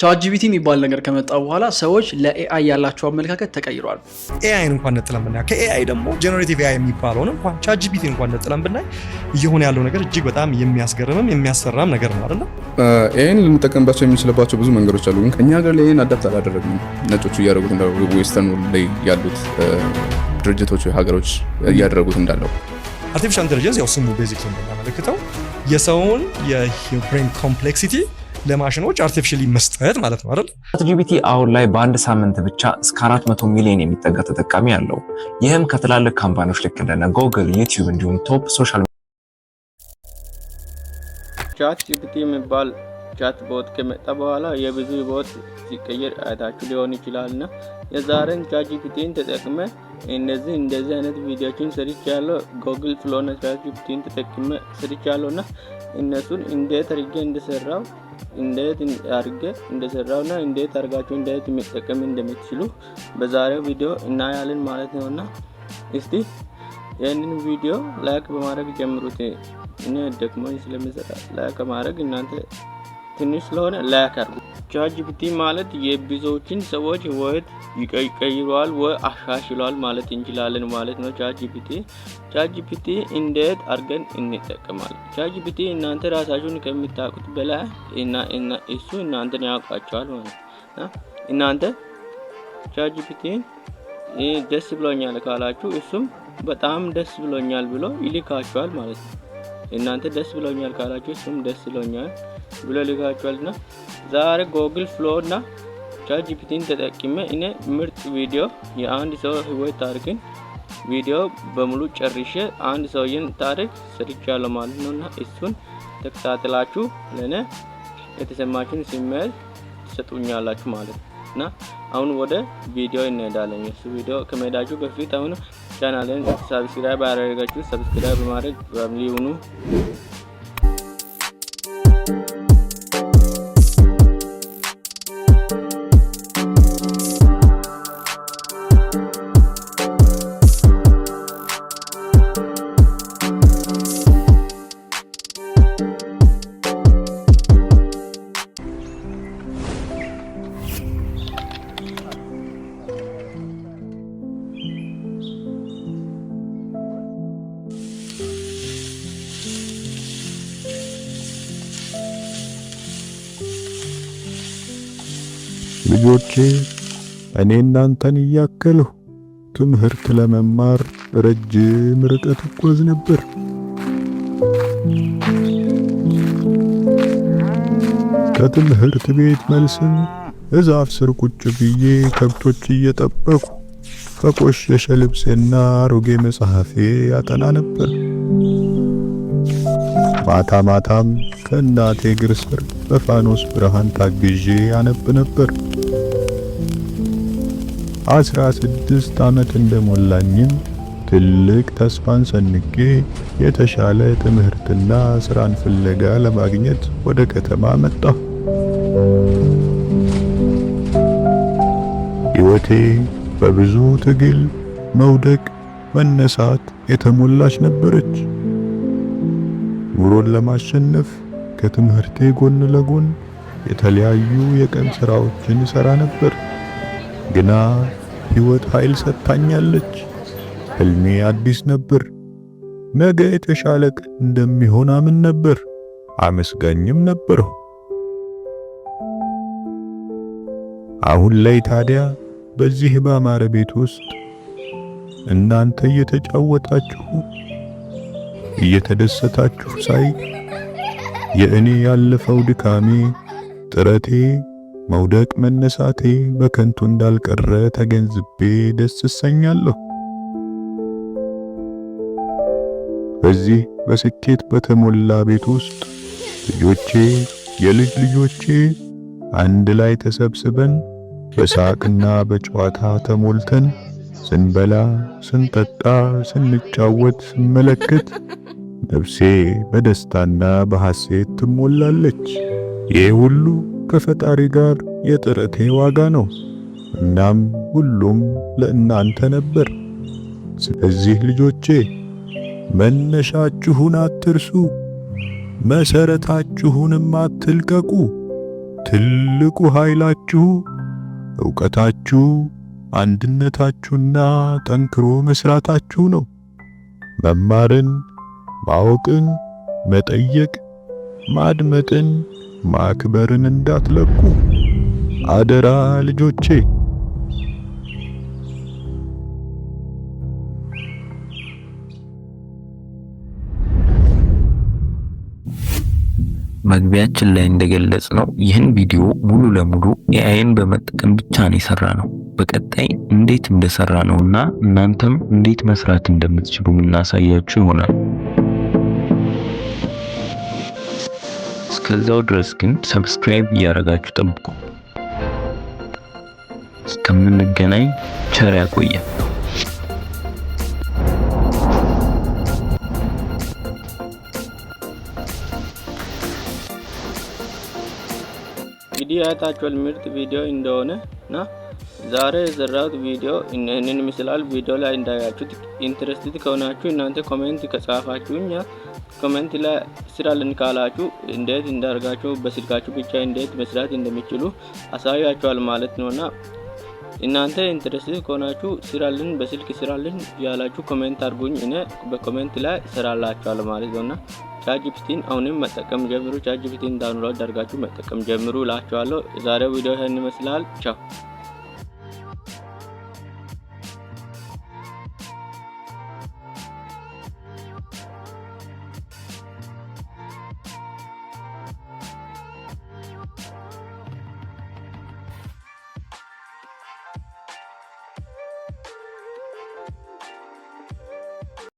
ቻጂቢቲ የሚባል ነገር ከመጣ በኋላ ሰዎች ለኤአይ ያላቸው አመለካከት ተቀይሯል። ኤአይን እንኳን ነጥለን ብናይ ከኤአይ ደግሞ ጀነሬቲቭ ኤአይ የሚባለውን እንኳን ቻጂቢቲ እንኳን ነጥለን ብናይ እየሆነ ያለው ነገር እጅግ በጣም የሚያስገርምም የሚያሰራም ነገር ነው አይደለም። ኤአይን ልንጠቀምባቸው የምንችልባቸው ብዙ መንገዶች አሉ። ግን ከእኛ ሀገር ላይ አዳፕት አላደረግም። ነጮቹ እያደረጉት እንዳለው ዌስተርን ላይ ያሉት ድርጅቶች ሀገሮች እያደረጉት እንዳለው አርቲፊሻል ኢንቴሊጀንስ ያው ስሙ ቤዚክ እንደሚያመለክተው የሰውን የብሬን ኮምፕሌክሲቲ ለማሽኖች አርቲፊሻሊ መስጠት ማለት ነው አይደል? ጂቢቲ አሁን ላይ በአንድ ሳምንት ብቻ እስከ 400 ሚሊዮን የሚጠጋ ተጠቃሚ አለው። ይህም ከትላልቅ ካምፓኒዎች ልክ እንደነ ጎግል፣ ዩቲዩብ እንዲሁም ቶፕ ሶሻል ቻት ጂፒቲ የሚባል ቻት ቦት ከመጣ በኋላ የብዙ ቦት ሲቀየር አይታችሁ ሊሆን ይችላል እና የዛሬን ቻት ጂፒቲን ተጠቅመ እነዚህ እንደዚህ አይነት ቪዲዮችን ሰርቻለሁ ጎግል ፍሎነ ቻት ጂፒቲን ተጠቅመ ሰርቻለሁ እና እነሱን እንዴት አድርጌ እንደሰራው እንዴት አድርጌ እንደሰራውና እንዴት አድርጋችሁ እንዴት መጠቀም እንደምትችሉ በዛሬው ቪዲዮ እናያለን ማለት ነውና እስቲ ይህንን ቪዲዮ ላይክ በማድረግ ጀምሩት። እኔ ደግሞ ስለምሰራ ላይክ ማድረግ እናንተ ትንሽ ስለሆነ ላይክ አድርጉ። ቻትጂፒቲ ማለት የብዙዎችን ሰዎች ህይወት ይቀይሯል ወ አሻሽሏል ማለት እንችላለን ማለት ነው። ቻጅፒቲ ቻጅፒቲ እንዴት አድርገን እንጠቀማለን? ቻጅፒቲ እናንተ ራሳችሁን ከሚታቁት በላይ እና እሱ እናንተን ያውቃቸዋል ማለት እናንተ ቻትጂፒቲ ደስ ብሎኛል ካላችሁ እሱም በጣም ደስ ብሎኛል ብሎ ይልካቸዋል ማለት ነው። እናንተ ደስ ብሎኛል ካላችሁ እሱም ደስ ብሎኛል ብሎ ና ዛሬ ጎግል ፍሎ እና ቻጂፒቲን ጂፒቲን እነ ምርጥ ቪዲዮ የአንድ ሰው ህይወት ታሪክን ቪዲዮ በሙሉ ጨርሼ አንድ ሰውዬን ታሪክ ሰርቻለሁ ማለት ነው እና እሱን ተከታትላችሁ ለነ የተሰማችን ስሜት ትሰጡኛላችሁ ማለት ነው እና አሁን ወደ ቪዲዮ እንሄዳለን። እሱ ቪዲዮ ከመሄዳችሁ በፊት አሁን ቻናልን ሳብስክራይብ አላደረጋችሁ ሰብስክራይብ በማድረግ ፋሚሊ ሁኑ። ልጆቼ እኔ እናንተን እያከልሁ ትምህርት ለመማር ረጅም ርቀት እጓዝ ነበር። ከትምህርት ቤት መልስም እዛፍ ስር ቁጭ ብዬ ከብቶች እየጠበቁ ከቆሸሸ ልብሴና አሮጌ መጽሐፌ ያጠና ነበር። ማታ ማታም ከእናቴ እግር ስር በፋኖስ ብርሃን ታግዤ አነብ ነበር። አስራ ስድስት ዓመት እንደሞላኝም ትልቅ ተስፋን ሰንቄ የተሻለ ትምህርትና ስራን ፍለጋ ለማግኘት ወደ ከተማ መጣሁ። ሕይወቴ በብዙ ትግል፣ መውደቅ፣ መነሳት የተሞላች ነበረች። ኑሮን ለማሸነፍ ከትምህርቴ ጎን ለጎን የተለያዩ የቀን ስራዎችን ሰራ ነበር ግና ሕይወት ኃይል ሰጥታኛለች። ሕልሜ አዲስ ነበር። ነገ የተሻለ ቀን እንደሚሆን አምን ነበር። አመስጋኝም ነበርሁ። አሁን ላይ ታዲያ በዚህ ባማረ ቤት ውስጥ እናንተ እየተጫወታችሁ እየተደሰታችሁ ሳይ የእኔ ያለፈው ድካሜ ጥረቴ መውደቅ መነሳቴ በከንቱ እንዳልቀረ ተገንዝቤ ደስ እሰኛለሁ። በዚህ በስኬት በተሞላ ቤት ውስጥ ልጆቼ፣ የልጅ ልጆቼ አንድ ላይ ተሰብስበን በሳቅና በጨዋታ ተሞልተን ስንበላ፣ ስንጠጣ፣ ስንጫወት ስመለከት ነፍሴ በደስታና በሐሴት ትሞላለች። ይህ ሁሉ ከፈጣሪ ጋር የጥረቴ ዋጋ ነው። እናም ሁሉም ለእናንተ ነበር። ስለዚህ ልጆቼ መነሻችሁን አትርሱ፣ መሰረታችሁንም አትልቀቁ። ትልቁ ኃይላችሁ ዕውቀታችሁ፣ አንድነታችሁና ጠንክሮ መስራታችሁ ነው። መማርን፣ ማወቅን፣ መጠየቅ፣ ማድመጥን ማክበርን እንዳትለቁ አደራ ልጆቼ። መግቢያችን ላይ እንደገለጽ ነው ይህን ቪዲዮ ሙሉ ለሙሉ ኤአይን በመጠቀም ብቻ ነው የሰራ ነው። በቀጣይ እንዴት እንደሰራ ነውና እናንተም እንዴት መስራት እንደምትችሉ እናሳያችሁ ይሆናል። እስከዛው ድረስ ግን ሰብስክራይብ እያደረጋችሁ ጠብቁ። እስከምንገናኝ ቸር ያቆየ። እንግዲህ አይታችኋል ምርጥ ቪዲዮ እንደሆነ እና ዛሬ የሰራሁት ቪዲዮ ይህንን ይመስላል። ቪዲዮ ላይ እንዳያችሁት ኢንትረስትድ ከሆናችሁ እናንተ ኮሜንት ከጻፋችሁ እኛ ኮሜንት ላይ ስራልን ካላችሁ እንዴት እንዳርጋችሁ በስልካችሁ ብቻ እንዴት መስራት እንደሚችሉ አሳያችኋል ማለት ነው ነውና እናንተ ኢንትረስትድ ከሆናችሁ ስራልን በስልክ ስራልን ያላችሁ ኮሜንት አድርጉኝ። እኔ በኮሜንት ላይ ስራላችኋል ማለት ነው ነውና ቻትጂፒቲን አሁንም መጠቀም ጀምሩ። ቻትጂፒቲን ዳውንሎድ አድርጋችሁ መጠቀም ጀምሩ እላችኋለሁ። የዛሬው ቪዲዮ ይህን ይመስላል። ቻው